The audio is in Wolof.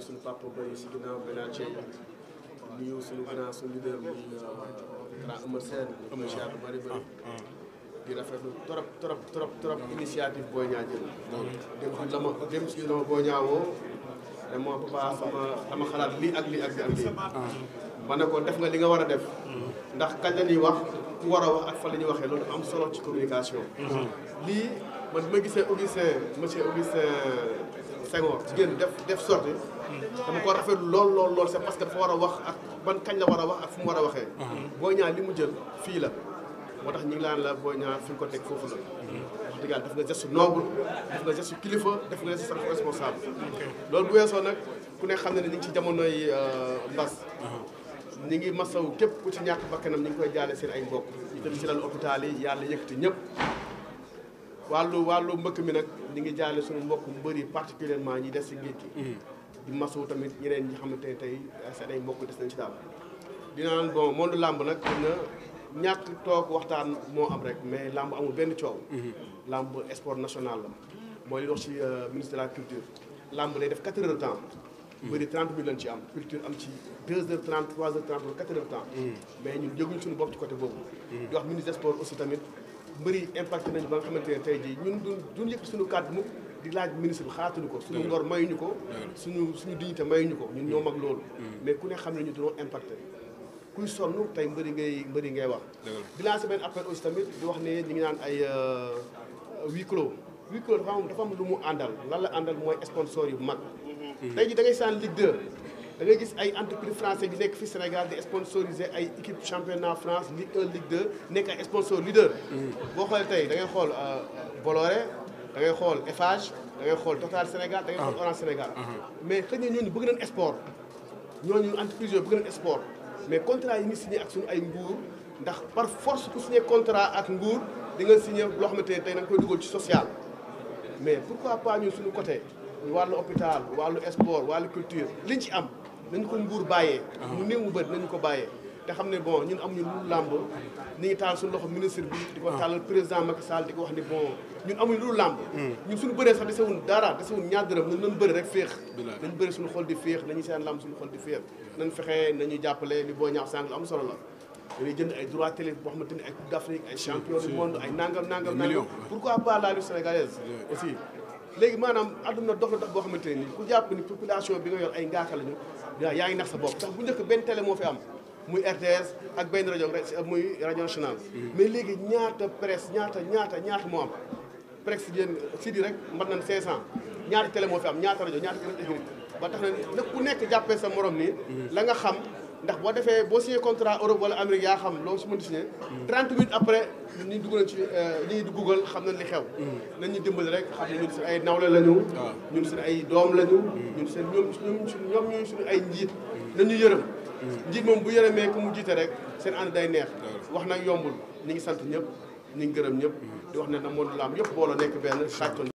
nuyu suñu papa bëri si ginnaaw benn ceeb nuyu suñu grand suñu leader muy euh, grand Amar Sène. Amar Sène bëri bëri. di rafetlu trop trop trop trop initiative booy ñaa jël. dem si dama dem si dama booy ñaawoo ne ma papa sama dama xalaat lii ak lii ak lii ak lii. ma ne ko def nga li nga war a def. ndax kañ la wax ku war a wax ak fa la waxee loolu am solo ci communication. lii. man bi ma gisee Augustin monsieur Augustin Senghor jigéen def def sorti dama ko rafetlu lool lool lool c'est parce que dafa war a wax ak ban kañ la war a wax ak fu mu war a waxee boo ñaa li mu jël fii la moo tax ñu ngi laan la boo ñaa fi nga ko teg foofu la wax dëgg yàlla def nga geste noble def nga geste kilifa def nga geste loolu bu weesoo nag ku ne xam ne ne ñu ngi ci jamonoy euh, mbas ñi ngi masaw képp ku ci ñàkk bakkanam ñu ngi koy jaale seen ay mbokk ñu tamit ci lal hôpital yi yàlla yëkkati ñëpp wàllu wàllu mbëkk mi nag ñi ngi jaale suñu mbokk mbëri particulièrement ñi des si géej gi hmm. di masu tamit ñeneen ñi xam ne tey seen ay mbokk des nañ ci daal dinaan bon monde làmb nag na ñàkk toog waxtaan moo am rek mais làmb amul benn coow hmm. làmb sport national la mooy li wax ci euh, ministre de la culture làmb lay def 4 heures de temps hmm. bëri 30 minutes ci am culture am ci 2 heures 30 3 heures 30 wala 4 heures de temps mais ñun jóguñu suñu bopp ci côté boobu di wax aussi tamit mbër yi impacté nañu ba nga xamante ne tey jii ñun du duñ yëkk suñu kàddu mukk di laaj ministre bi ko suñu ngor mayuñu ko suñu suñu dignité mayuñu ko ñun ñoo mag loolu mais ku ne xam ne ñu dañoo impacté kuy sonn tey mbëri ngay mbëri ngay wax di lancé benn appel aussi tamit di wax ne ñu ngi naan ay euh, huis clos huis clos dafa am dafa am lu mu àndal lan la àndal mooy sponsor yu mag tey ji da ngay saan Ligue 2 da ngay gis ay entreprise français bi nekk fi Sénégal di sponsoriser ay équipe championnat France Ligue 1 Ligue 2 nekk ay sponsor leader mm-hmm. boo xoolee tey dangay xool euh, Bolloré da ngay xool Eiffage da xool Total Sénégal da ngay xool ah. Orange Sénégal mm-hmm. mais xëy na ñooñu bëgg nañ sport ñooñu entreprise yooyu bëgg nañ sport mais contrat yi ñu signé ak suñu ay nguur ndax par force ku signé contrat ak nguur di nga signé loo xamante ne tey da nga koy dugal ci social mais pourquoi pas ñun suñu côté wàllu hôpital wàllu sport wàllu culture liñ ci am nañ ko nguur bàyyee mu néew mu bëri nañ ko bàyyee te xam ne bon ñun am ñu lu làmb ñu ngi taal suñu loxo ministre bi di ko taalal président Macky Sall di ko wax ni bon ñun amuñ lu làmb hmm. ñun suñu bëree sax desewuñ dara desewuñ ñaar dërëm nañ nañ bëri rek féex nañ bëri suñu xol di féex nañu seen làmb suñu xol di féex nañ fexe nañu jàppale ni boo ñaax sàng am solo la dañuy jënd ay droit télé boo xamante ni ay coupe ay champion du ay nangam nangam nangam pourquoi pas la lutte léegi maanaam àdduna dox na dox boo xamante ne nii ku jàpp ni population bi nga yor ay ngaaka lañu waaw yaa ngi nax sa bopp tax bu njëkk benn télé moo fi am muy RTS ak benn rajo muy rajo nationale mm-hmm. mais léegi ñaata presse ñaata ñaata ñaata moo am presse sidi rek mbat nañ 500 ñaata télé moo fi am ñaata rajo ñaata ba tax na nag ku nekk jàppee sa morom nii mm-hmm. la nga xam ndax boo defee boo signé contrat Europe wala Amérique yaa xam loo si mën di signé. 30 hmm. minutes après ñi duggal ci euh, ñi duggal xam na li xew. Hmm. nañ ñu dimbali rek xam ne ñun suñu ay nawle lañu. Ah. ñun suñu ay doom lañu. Hmm. ñun seen ñoom suñu ñoom ñooy suñu ay njiit. nañu yërëm. njiit moom bu yërëmee ku mu jiite rek seen ànd day neex. wax nag yombul ñu ngi sant ñëpp ñu ngi gërëm ñëpp. di wax ne na monde am yëpp booloo nekk benn sàccoon.